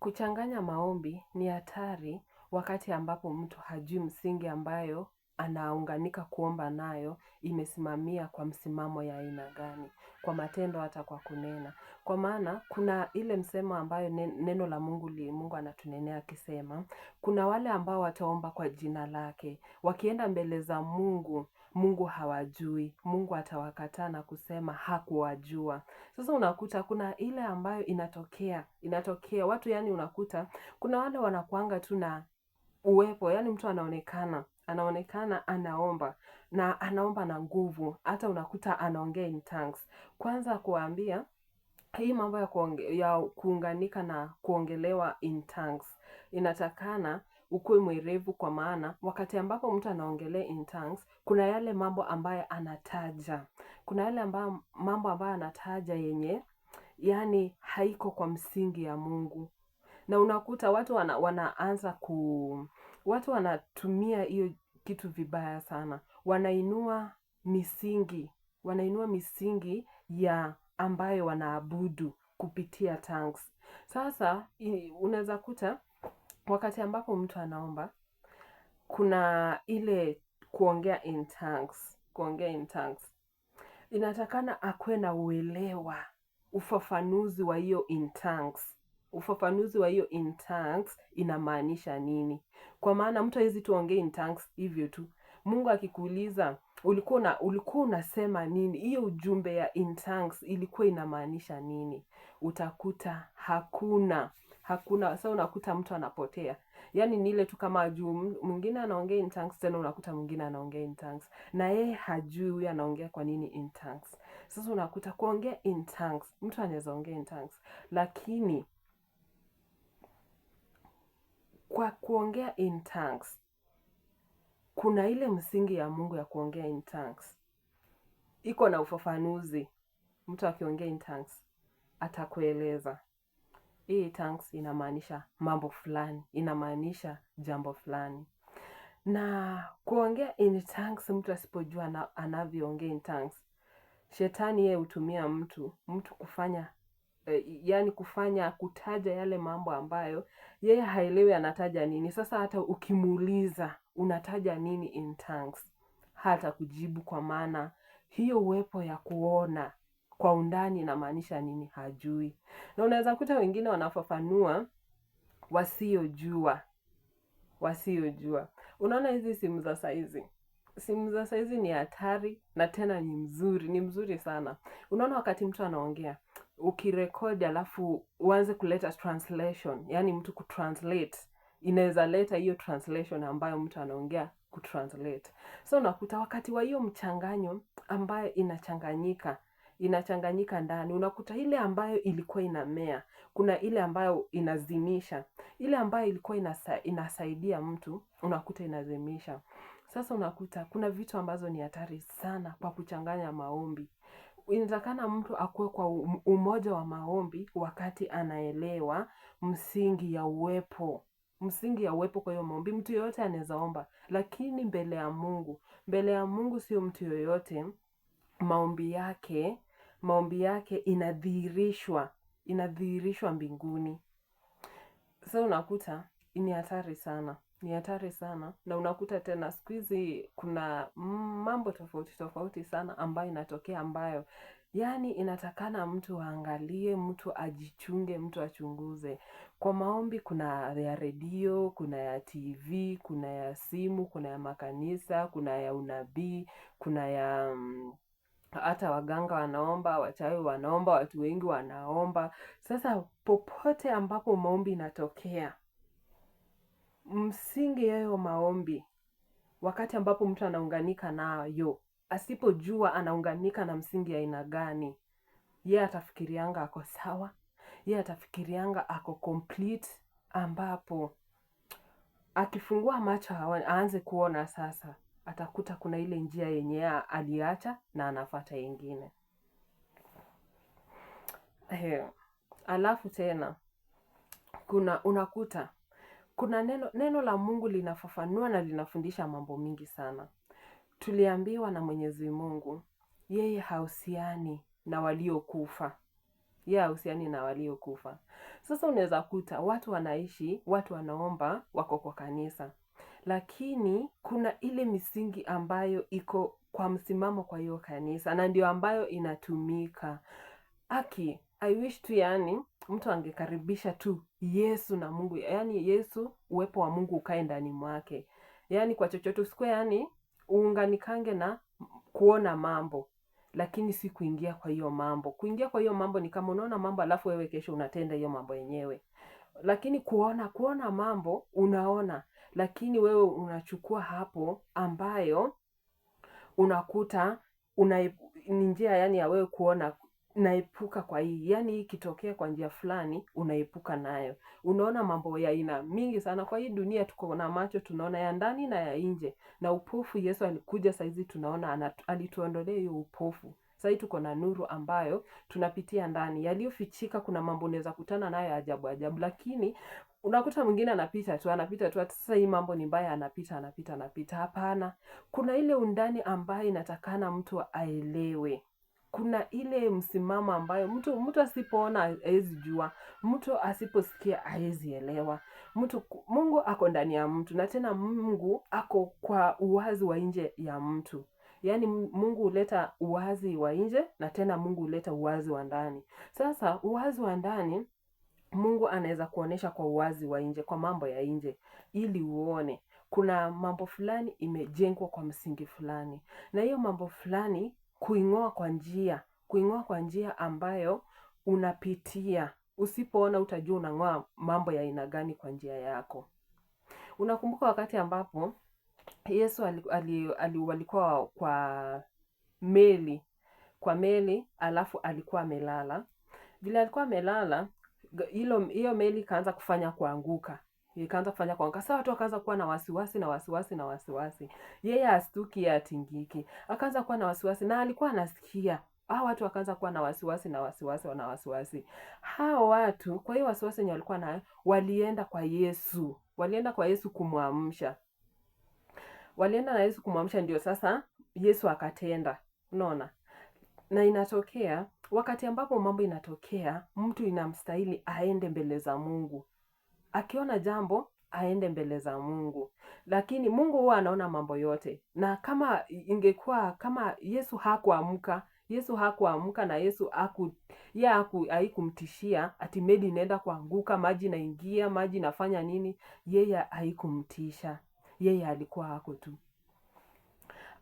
Kuchanganya maombi ni hatari wakati ambapo mtu hajui msingi ambayo anaunganika kuomba nayo imesimamia kwa msimamo ya aina gani, kwa matendo hata kwa kunena. Kwa maana, kuna ile msemo ambayo neno la mungu li mungu anatunenea akisema, kuna wale ambao wataomba kwa jina lake, wakienda mbele za mungu Mungu hawajui. Mungu atawakataa na kusema hakuwajua. Sasa unakuta kuna ile ambayo inatokea inatokea watu, yani unakuta kuna wale wanakuanga tu na uwepo, yani mtu anaonekana anaonekana anaomba na anaomba na nguvu, hata unakuta anaongea in tongues. Kwanza kuwaambia hii mambo ya, kuonge, ya kuunganika na kuongelewa in tongues inatakana ukuwe mwerevu kwa maana wakati ambapo mtu anaongelea in tongues, kuna yale mambo ambayo anataja, kuna yale ambayo, mambo ambayo anataja yenye yani haiko kwa msingi ya Mungu, na unakuta watu wana, wanaanza ku watu wanatumia hiyo kitu vibaya sana, wanainua misingi wanainua misingi ya ambayo wanaabudu kupitia tongues. Sasa unaweza kuta wakati ambapo mtu anaomba kuna ile kuongea in tongues, kuongea in tongues. Inatakana akuwe na uelewa, ufafanuzi wa hiyo in tongues ufafanuzi wa hiyo in tongues inamaanisha nini, kwa maana mtu hawezi tuongee in tongues hivyo tu. Mungu akikuuliza ulikuwa na ulikuwa unasema nini, hiyo ujumbe ya in tongues ilikuwa inamaanisha nini, utakuta hakuna hakuna sasa, unakuta mtu anapotea, yaani ni ile tu kama juu mwingine anaongea in tongues, tena unakuta mwingine anaongea in tongues na yeye hajui huyu anaongea kwa nini in tongues. Sasa unakuta kuongea in tongues, mtu anaweza ongea in tongues, lakini kwa kuongea in tongues kuna ile msingi ya Mungu ya kuongea in tongues, iko na ufafanuzi. Mtu akiongea in tongues atakueleza hii tanks inamaanisha mambo fulani, inamaanisha jambo fulani. Na kuongea in tanks, mtu asipojua anavyoongea in tanks, shetani yeye hutumia mtu mtu kufanya eh, yani kufanya kutaja yale mambo ambayo yeye haelewi anataja nini. Sasa hata ukimuuliza unataja nini in thanks, hata kujibu kwa maana hiyo uwepo ya kuona kwa undani inamaanisha nini hajui. Na unaweza kuta wengine wanafafanua wasiojua, wasiojua. Unaona hizi simu za saizi simu za saizi ni hatari na tena ni mzuri, ni mzuri sana. Unaona, wakati mtu anaongea ukirekodi, alafu uanze kuleta translation, yani mtu kutranslate, inaweza leta hiyo translation ambayo mtu anaongea kutranslate. So unakuta wakati wa hiyo mchanganyo ambayo inachanganyika inachanganyika ndani. Unakuta ile ambayo ilikuwa inamea, kuna ile ambayo inazimisha, ile ambayo ilikuwa inasa, inasaidia mtu unakuta inazimisha. Sasa unakuta kuna vitu ambazo ni hatari sana kwa kuchanganya maombi. Inatakana mtu akuwe kwa umoja wa maombi wakati anaelewa msingi ya uwepo msingi ya uwepo. Kwa hiyo maombi, mtu yoyote anaweza omba, lakini mbele ya Mungu, mbele ya Mungu sio mtu yoyote maombi yake maombi yake inadhihirishwa inadhihirishwa mbinguni so unakuta ni hatari sana ni hatari sana na unakuta tena siku hizi kuna mambo tofauti tofauti sana ambayo inatokea ambayo yaani inatakana mtu aangalie mtu ajichunge mtu achunguze kwa maombi kuna ya redio kuna ya tv kuna ya simu kuna ya makanisa kuna ya unabii kuna ya mm, hata waganga wanaomba, wachawi wanaomba, watu wengi wanaomba. Sasa popote ambapo maombi inatokea, msingi yayo maombi, wakati ambapo mtu anaunganika nayo, asipojua anaunganika na msingi aina gani, ye atafikirianga ako sawa, ye atafikirianga ako complete, ambapo akifungua macho aanze kuona sasa atakuta kuna ile njia yenye aliacha na anafata ingine. He, alafu tena kuna unakuta kuna neno, neno la Mungu linafafanua na linafundisha mambo mingi sana. Tuliambiwa na Mwenyezi Mungu yeye hahusiani na waliokufa, yeye hahusiani na waliokufa. Sasa unaweza kuta watu wanaishi, watu wanaomba, wako kwa kanisa, lakini kuna ile misingi ambayo iko kwa msimamo kwa hiyo kanisa na ndio ambayo inatumika. Aki, I wish tu yani mtu angekaribisha tu Yesu na Mungu, yani Yesu, uwepo wa Mungu ukae ndani mwake, yani kwa chochote usikue, yani uunganikange na kuona mambo lakini si kuingia kwa hiyo mambo. Kuingia kwa hiyo mambo ni kama unaona mambo alafu wewe kesho unatenda hiyo mambo yenyewe, lakini kuona kuona mambo unaona lakini wewe unachukua hapo ambayo unakuta una ni njia yani ya wewe kuona naepuka kwa hii, yani ikitokea kwa njia fulani unaepuka nayo. Unaona mambo ya aina mingi sana kwa hii dunia. Tuko na macho, tunaona ya ndani na ya nje, na upofu. Yesu alikuja saizi, tunaona alituondolea hiyo upofu. Sahii tuko na nuru ambayo tunapitia ndani. Yaliyofichika, kuna mambo unaweza kutana nayo ajabu ajabu, lakini unakuta mwingine anapita tu anapita tu, sasa hii mambo ni mbaya, anapita anapita anapita. Hapana, kuna ile undani ambayo inatakana mtu aelewe kuna ile msimamo ambayo mtu mtu asipoona hawezi jua, mtu asiposikia hawezi elewa. Mtu Mungu ako ndani ya mtu, na tena Mungu ako kwa uwazi wa nje ya mtu. Yaani Mungu huleta uwazi wa nje, na tena Mungu huleta uwazi wa ndani. Sasa uwazi wa ndani Mungu anaweza kuonyesha kwa uwazi wa nje, kwa mambo ya nje, ili uone kuna mambo fulani imejengwa kwa msingi fulani, na hiyo mambo fulani kuing'oa kwa njia, kuing'oa kwa njia ambayo unapitia. Usipoona utajua unang'oa mambo ya aina gani kwa njia yako. Unakumbuka wakati ambapo Yesu walikuwa kwa meli, kwa meli alafu alikuwa amelala. Vile alikuwa amelala, hilo hiyo meli ikaanza kufanya kuanguka ikaanza kufanya kuanguka. Sasa watu wakaanza kuwa na wasiwasi na wasiwasi na wasiwasi, yeye astuki atingiki, akaanza kuwa na wasiwasi na alikuwa anasikia hao watu wakaanza kuwa na wasiwasi na wasiwasi na wasiwasi. Hao watu kwa hiyo wasiwasi wenye walikuwa nayo walienda kwa Yesu, walienda kwa Yesu kumwamsha, walienda na Yesu kumwamsha, ndio sasa Yesu akatenda. Unaona, na inatokea wakati ambapo mambo inatokea, mtu inamstahili aende mbele za Mungu, akiona jambo aende mbele za Mungu, lakini Mungu huwa anaona mambo yote. Na kama ingekuwa kama Yesu hakuamka Yesu hakuamka na Yesu aku, ya aku, haikumtishia ati meli inaenda kuanguka, maji naingia, maji nafanya nini, yeye haikumtisha, yeye alikuwa hako tu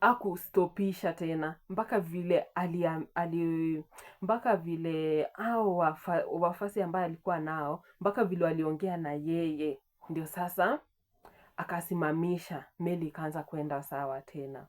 akustopisha tena mpaka vile ali, ali mpaka vile au wafa, wafasi ambaye alikuwa nao mpaka vile waliongea na yeye, ndio sasa akasimamisha meli ikaanza kwenda sawa tena.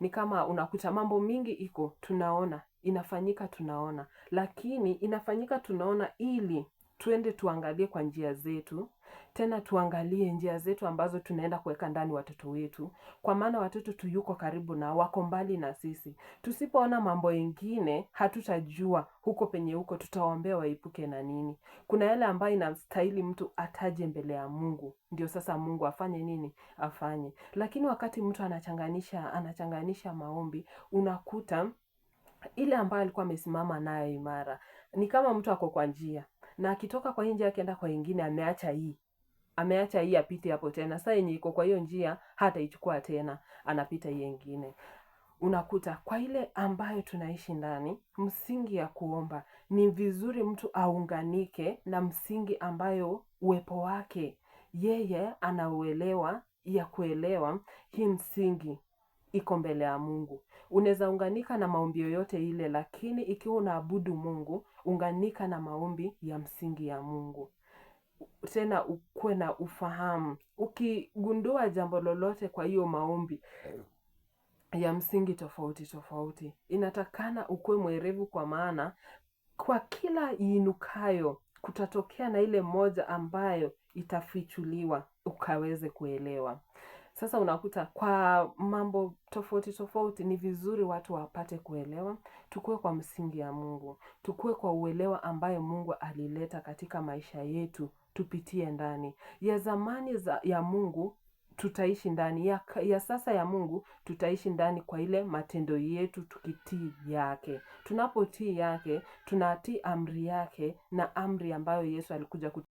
Ni kama unakuta mambo mingi iko tunaona inafanyika, tunaona lakini inafanyika tunaona ili tuende tuangalie kwa njia zetu, tena tuangalie njia zetu ambazo tunaenda kuweka ndani watoto wetu, kwa maana watoto tuyuko karibu na wako mbali na sisi. Tusipoona mambo mengine, hatutajua huko penye huko tutawaombea waepuke na nini. Kuna yale ambayo inamstahili mtu ataje mbele ya Mungu, ndio sasa Mungu afanye nini? Afanye. Lakini wakati mtu anachanganisha anachanganisha maombi, unakuta ile ambayo alikuwa amesimama nayo imara ni kama mtu ako kwa njia na akitoka kwa hii njia akienda kwa ingine, ameacha hii, ameacha hii apite hapo tena. Sasa yenye iko kwa hiyo njia hata ichukua tena, anapita hii ingine. Unakuta kwa ile ambayo tunaishi ndani, msingi ya kuomba ni vizuri mtu aunganike na msingi ambayo uwepo wake yeye anauelewa ya kuelewa hii msingi iko mbele ya Mungu. Unaweza unganika na maombi yoyote ile, lakini ikiwa unaabudu Mungu, unganika na maombi ya msingi ya Mungu. Tena ukuwe na ufahamu, ukigundua jambo lolote kwa hiyo maombi ya msingi tofauti tofauti, inatakana ukuwe mwerevu, kwa maana kwa kila iinukayo kutatokea na ile moja ambayo itafichuliwa ukaweze kuelewa. Sasa unakuta kwa mambo tofauti tofauti, ni vizuri watu wapate kuelewa, tukue kwa msingi ya Mungu, tukue kwa uelewa ambayo Mungu alileta katika maisha yetu, tupitie ndani ya zamani za, ya Mungu tutaishi ndani ya, ya sasa ya Mungu tutaishi ndani kwa ile matendo yetu, tukitii yake. Tunapotii yake, tunatii amri yake na amri ambayo Yesu alikuja kutu